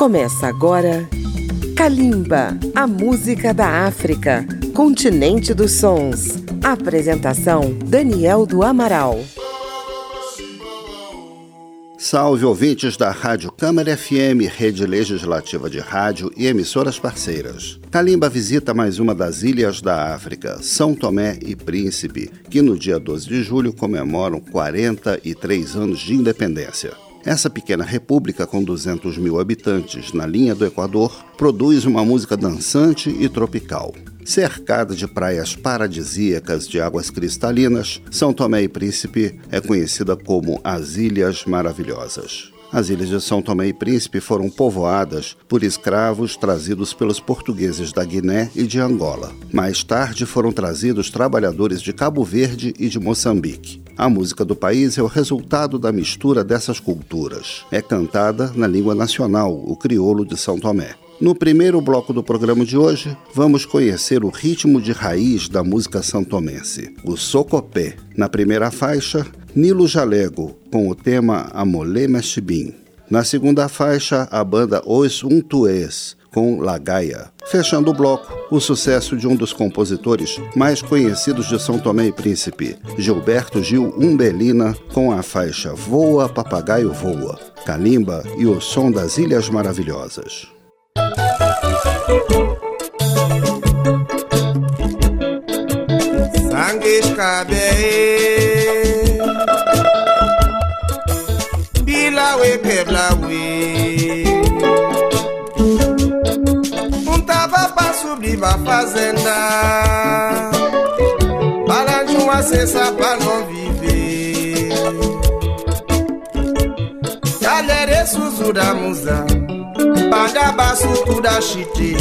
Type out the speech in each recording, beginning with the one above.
Começa agora Kalimba, a música da África, continente dos sons. Apresentação Daniel do Amaral. Salve ouvintes da Rádio Câmara FM, rede legislativa de rádio e emissoras parceiras. Kalimba visita mais uma das ilhas da África, São Tomé e Príncipe, que no dia 12 de julho comemoram 43 anos de independência. Essa pequena república com 200 mil habitantes na linha do Equador produz uma música dançante e tropical. Cercada de praias paradisíacas de águas cristalinas, São Tomé e Príncipe é conhecida como as Ilhas Maravilhosas. As ilhas de São Tomé e Príncipe foram povoadas por escravos trazidos pelos portugueses da Guiné e de Angola. Mais tarde foram trazidos trabalhadores de Cabo Verde e de Moçambique. A música do país é o resultado da mistura dessas culturas. É cantada na língua nacional, o crioulo de São Tomé. No primeiro bloco do programa de hoje, vamos conhecer o ritmo de raiz da música santomense, o socopé. Na primeira faixa, Nilo Jalego, com o tema Amolê Mestibim. Na segunda faixa, a banda Os Untuês, com La Gaia. Fechando o bloco, o sucesso de um dos compositores mais conhecidos de São Tomé e Príncipe, Gilberto Gil Umbelina, com a faixa Voa, Papagaio Voa, Calimba e o Som das Ilhas Maravilhosas. Sangue bila we kebla we. pra fazenda Para de uma cesta não viver Galera, da musa Paga baço da chite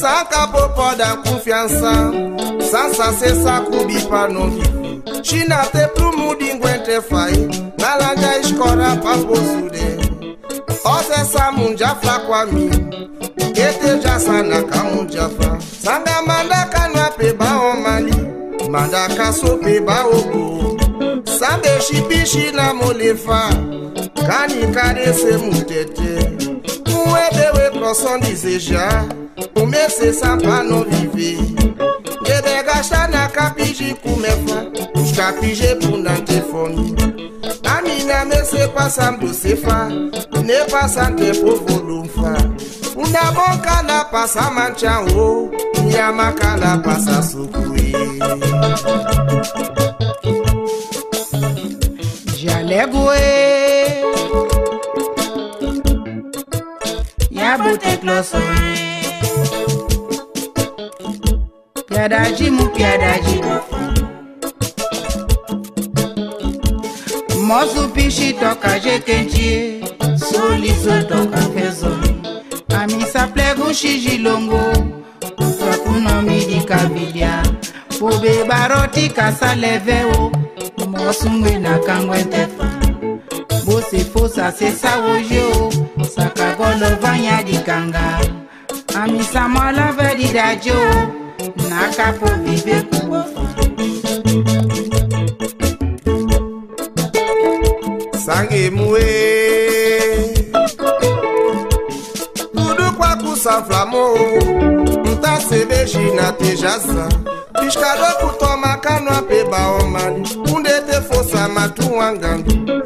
Saca popó da confiança Sansa cessa cubi para não viver China te pro mundo enguente fai Na lanja escora para posure Ose oh, sa moun jafla kwa mi, E te jasa na ka moun jafla, Sanda manda ka nou apè ba oman li, Manda ka sou pe ba ogo, Sanda shi bishi nan moun lefa, Kanika dese moun tete, Mwen dewe krosan diseja, Mwen se sa pa nou vive, Mwen de gasta na ka piji koume fa, Puska piji pou nan te foni, Nè mè se pasan mdou se fan Nè pasan te pou volou mfan Unè moun kanda pasan man chan ou Yama kanda pasan sou kouye Jalè gwe Yabote kloson Pèda jimou, pèda jimou fan mosu pishi toka jekentie soliso toka fezo amisa plegushi jilongo kakuna midikabilia pobe baroti kasa leve o mosungwe na kangwe tefa bose fosa sesa woje o sakagolo vanya dikanga amisa mwala vedidajio nakapo bibe kubofa sange muwe tudo kwa kusa flamo nta sebeji na te jasa piskadoku toma kanu apeba omani kunde te fosa matu wangandu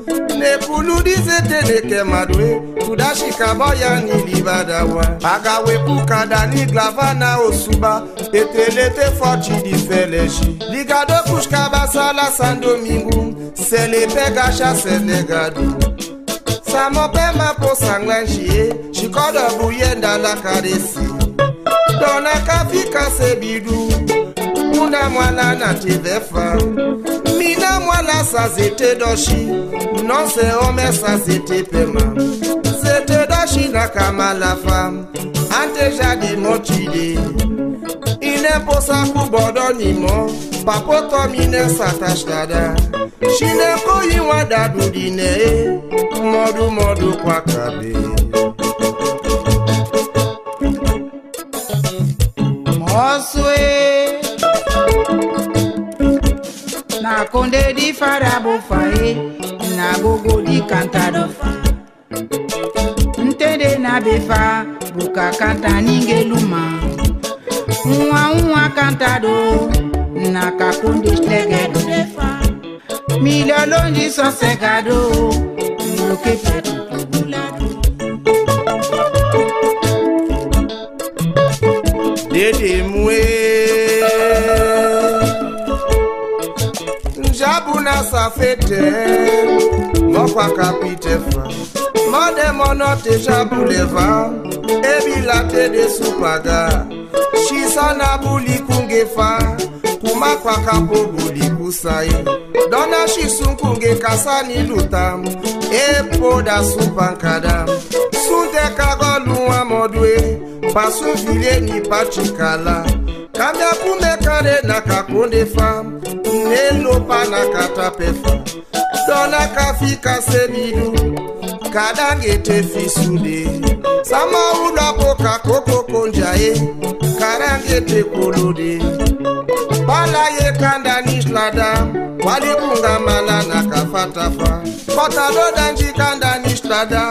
teleke madwe tudashika boya nilibadawa agawepukada niglavana osuba etelete feleji, ligado ligadokushka basala san Domingo, domingu selepegasha senegado samopema po posanglanjie shikodo buyendalakaresi donakafika sebidu muna mwana na tivefa, mina mwana sa zete doshi non se ome sa zete pema zete doshi na kama la fam ante jadi mochide ine posa kubodo nimo to mine satashdada shine koyi dine, modu modu kwakabe konde di fara farabo fae na gogo di kanta do. fa ntede na be fa buka kanta ningelu ma nwa nwa kanta do na ka konde lɛgɛ do de fa miliyɔn lonji sɔsɛ ka do nloke fɛ do. Dede mue. Jabu na safete, mokwa kapite fa. Mande monote jabu leva, ebi late de supaga. Shisa na buli kungefa, kumakwa kapo buli kusai. Dona shisun kunge kasa nilutam, epo da supankadam. Sunte kagolu amodwe, pasu vile ni pachikala. kambia kumekare na kakonde fam pa na katapefa dona kafika semidu kadangete fisude konjae kokokonjaye karangete kolode bala ye kanda nislada mala na kafatafa kotalodanji kanda nislada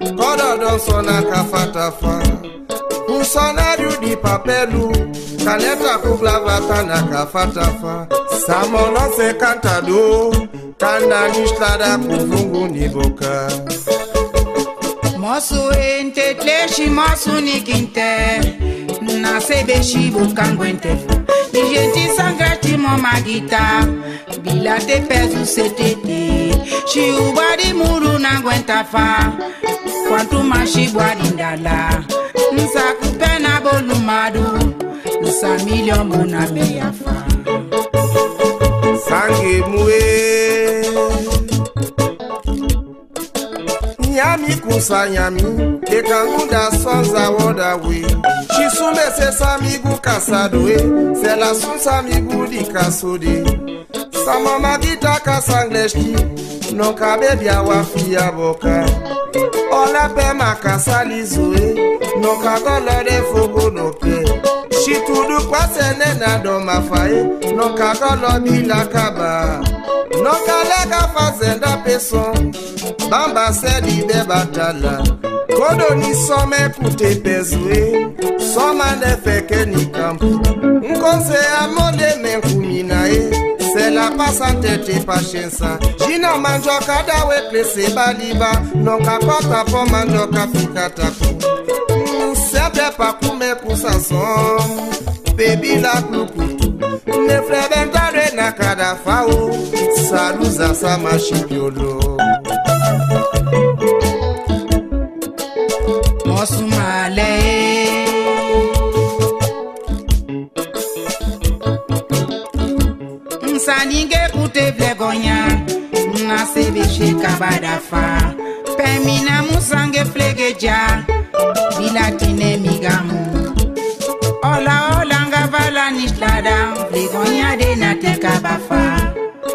kododonso na kafatafa nsonariudi papelu kaleta kuglava kana kafatafa samonose kantado kana nishlada kuvungu niboka mosu entetle și mosu nikinte nasebe și bukangwentefu nijenti sangrati Bila te pezu setete și ubari muru nangwentafa kwantuma și bwadindala nsakupe na bolumadu Isa million muna be ya fa. Sange muwe. Nyami kusa nyami, kekangunda sanza woda we. Chisumbe se sami samigu kasadwe, se la sun samigu di kasode. Sama magita kasangleshki, no kabebi awa fiya boka. Olape makasali zoe, no kagolode fogo no pe. shitudukpasene na domafaye nokagolodilakaba nokalekafazenda peso bambaselidebadala kodoni somekute pezue somanefekenikampu nkonse amolemenkumina la sela pasantete pashensa jina manjoka daweplese baliba kota po manjoka fikataku Dapè pa kou mè pou Bebi la kloukou Mè fle ben kare na kada fa ou oh. Sa louza sa machi biolo Mosu male Msaninge kute vle gonya Mna sebe she kabada fa Pemina musange flegeja Msaninge La tine migamwe Ola ola nga vala nishlada Plekonya de nati kabafa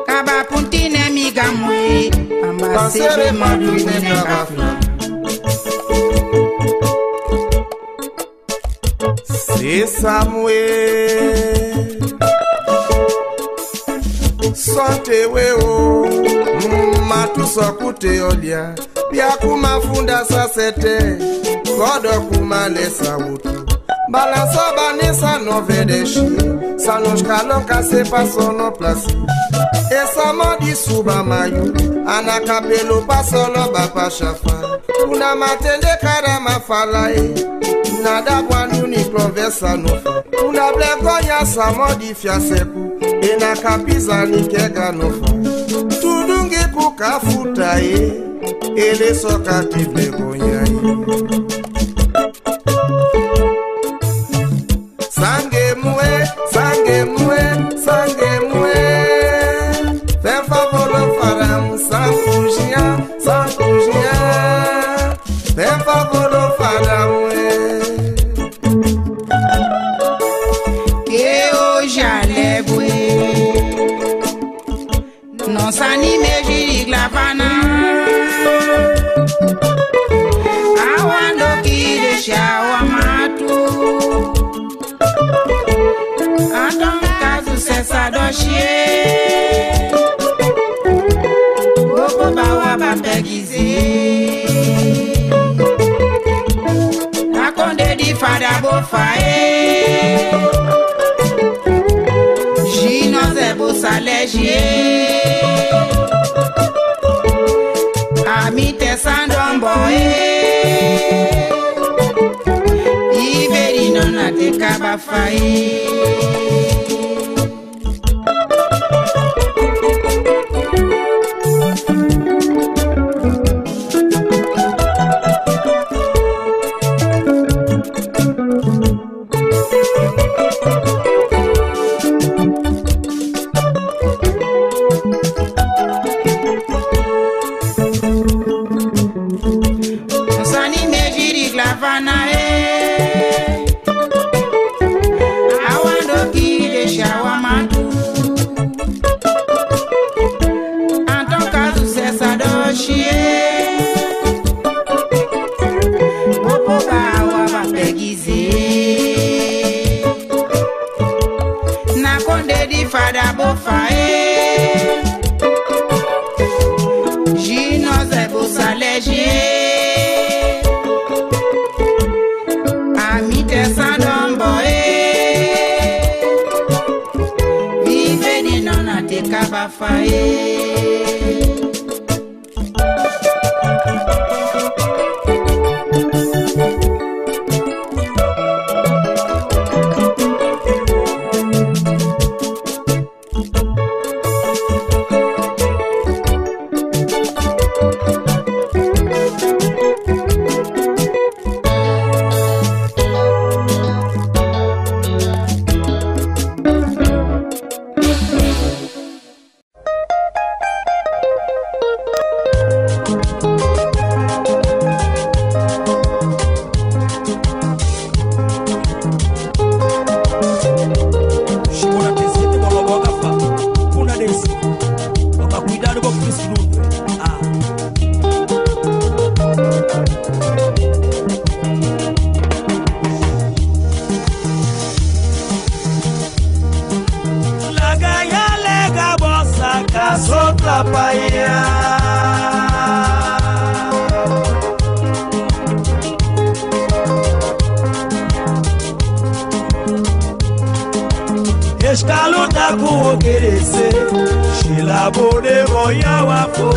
Kabapun tine migamwe Amba sere matu tine bagafa Se samwe Sante we ou oh. Mou matu sokute olia oh, Pya kou ma funda sa sete God kumalesa no balanso banisa novedeshi sanoshkaloka suba sono ana esamodi subamayu no bapa bapashafa Una matende kara mafalae nadabwanuni provesa nofa kuna blekoya samodi fiaseku enakapizani kega nofa kafuta ye ele so kati vlebonyai sang megizé. Nakonde di fada bo fae. Jino ze bo salejie. Ami te sandomboe. Iveri non ate kaba fae.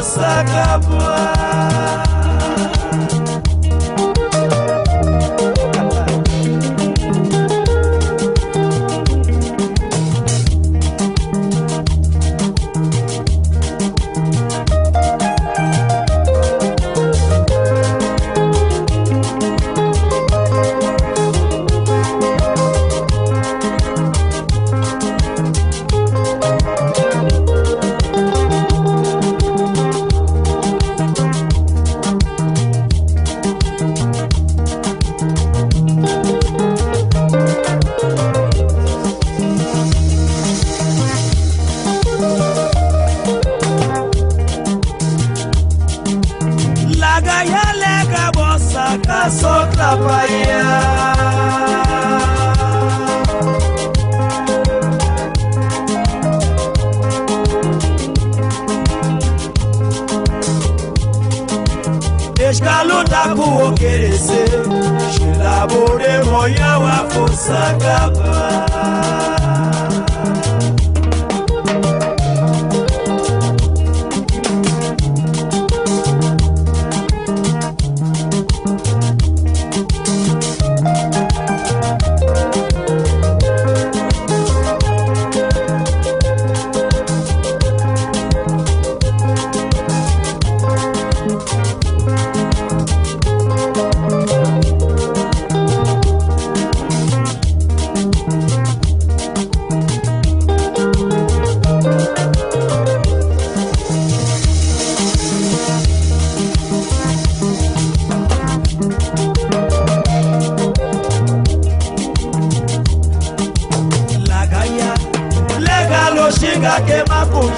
força acabar. moya wa fosaka ba.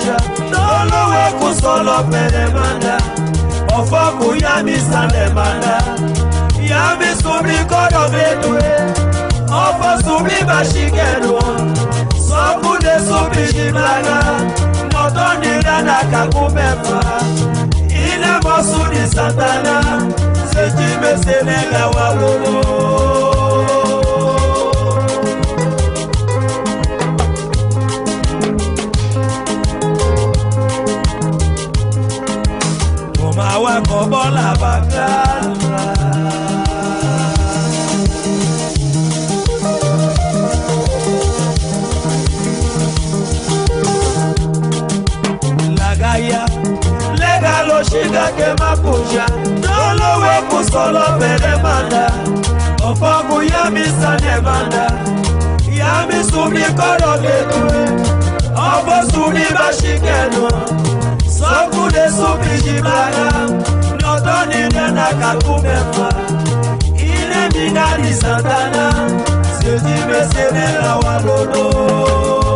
culture. Nolowe kusolo pedemanda. Ofo kuyami salemanda. Yami subli kodo bedwe. Ofo subli bashikelo. Sokude subli jimlaga. Noto nirana kakumefa. Ile mosudi santana. Sejime senega walumo. akọ̀bọ́là bá gbàdúrà. Lagaya lẹ́gà ló ṣì gàgé má kò ṣá lọ́lọ́wọ́ kò sọ̀rọ̀ bẹ̀rẹ̀ má dà ọ̀pọ̀ kò yá mi sànẹ̀ má dà ìyá mi sùn mi kọ́rọ̀ lẹ́tù mi sùn mi bá ṣì kẹ́nu. sokude supicibara notonene nakakumema ile mingani satana setimesenela walolo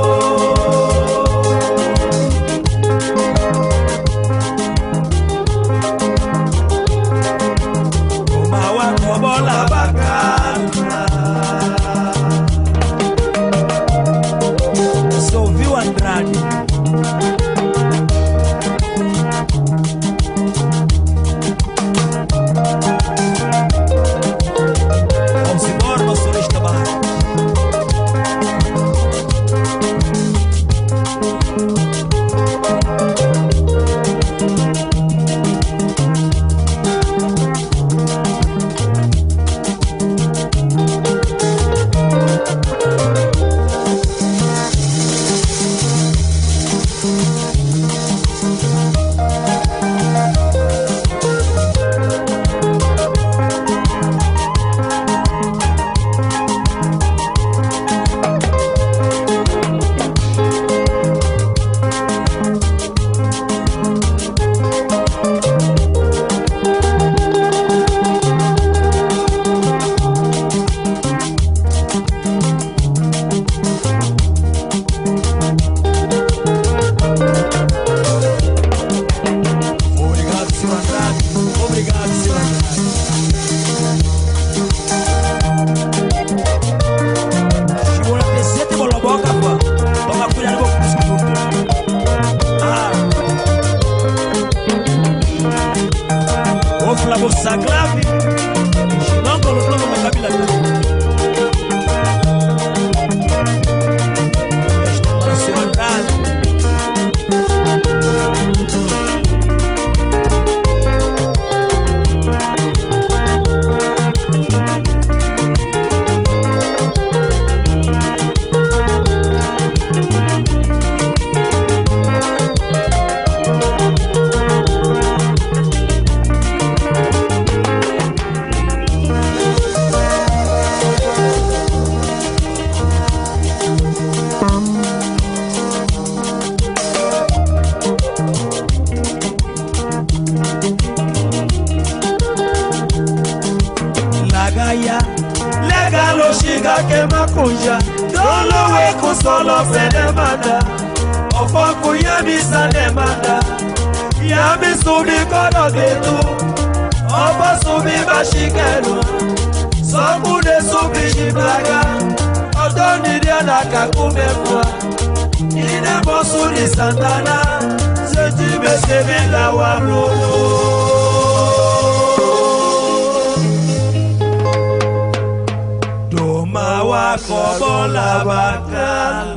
manda ọ̀fọ́kù yẹ́ mi sálẹ̀ manda ìyá mi sùn ní kọ́dọ̀ gbẹ̀tù ọmọ sùn mi má ṣì kẹnu sọ́kùnrin sùn mi ní bàgà ọjọ́ nílé alákàkú mẹ́fà ilé mọ́sùn ní santana ṣé tí mi ṣe mi làwọn àbúrò. Mawa Kobolabakal.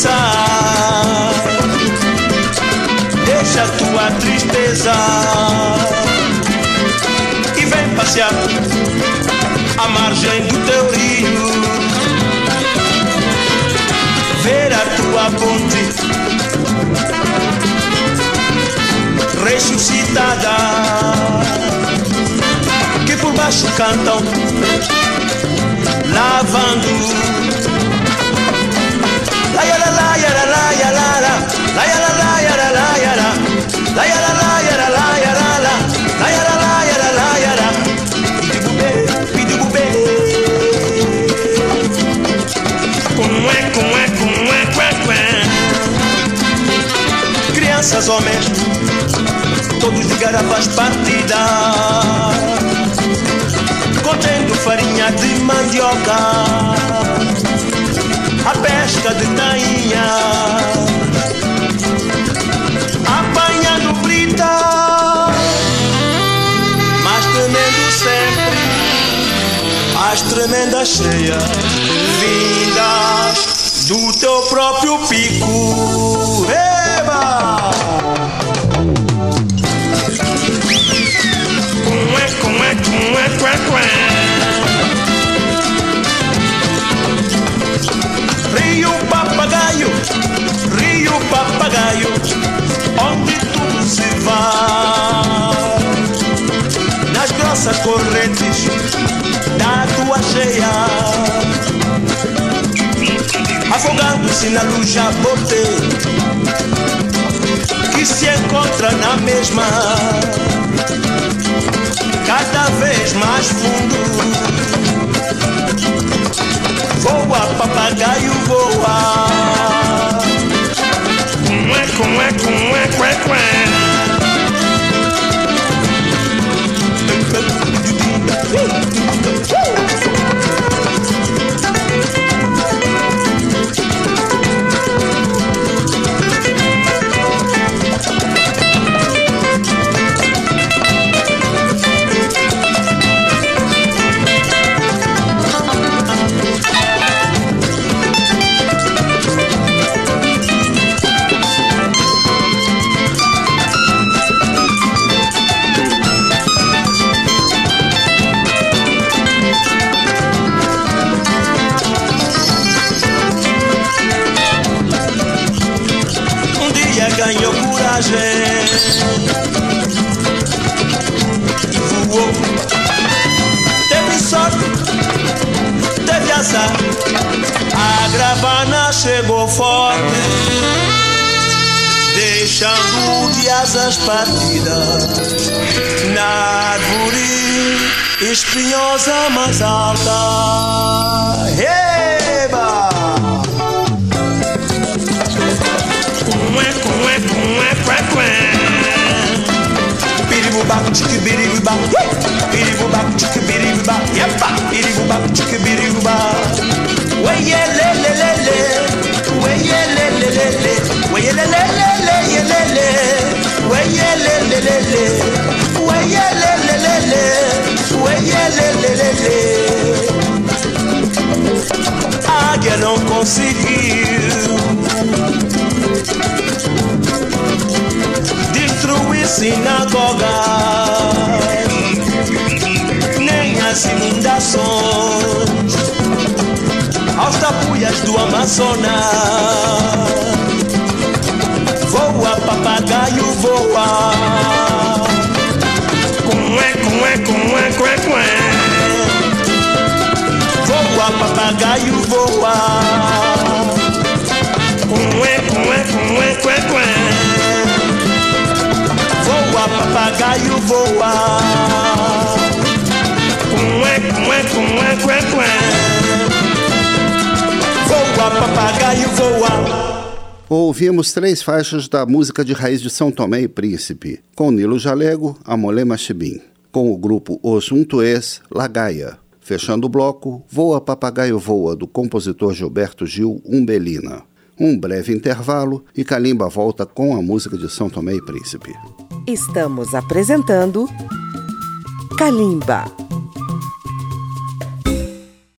pensar. Deixa tua tristeza e vem passear à margem do teu rio. Ver a tua ponte ressuscitada que por baixo cantam lavando homens, todos de garrafas partidas, contendo farinha de mandioca, a pesca de tainha, apanhando brita, mas temendo sempre as tremendas cheias vindas do teu próprio pico. Rio papagaio, rio papagaio, onde tu se vai? Nas grossas correntes da tua cheia, afogando-se na luz jabote, que se encontra na mesma cada vez mais fundo. Voa papagaio E voou, teve sorte, teve azar. A gravana chegou forte, deixando de asas partidas na árvore espinhosa mais alta. bak çıkı biri bu bak Biri bu bak çıkı biri bu bak Yapma Biri bu bak çıkı biri bu bak Ve ye le le le le Ve ye le le le le Ve ye le le le le ye le le Ve ye le le le le Ve ye le le le le Ve ye le le le le I can conseguir Sinagoga nem as inundações, aos tapuias do Amazonas. Voa, papagaio, voa. Cué, cué, cué, cué, cué. Voa, papagaio, voa. Cué, cué, cué, cué, cué papagaio voa. Cué, cué, cué, cué, cué. Voa, papagaio voa. Ouvimos três faixas da música de raiz de São Tomé e Príncipe, com Nilo Jalego, Amolé Machibim, com o grupo Os Juntuês, Lagaia. Fechando o bloco, Voa Papagaio Voa, do compositor Gilberto Gil Umbelina. Um breve intervalo e Kalimba volta com a música de São Tomé e Príncipe. Estamos apresentando Kalimba.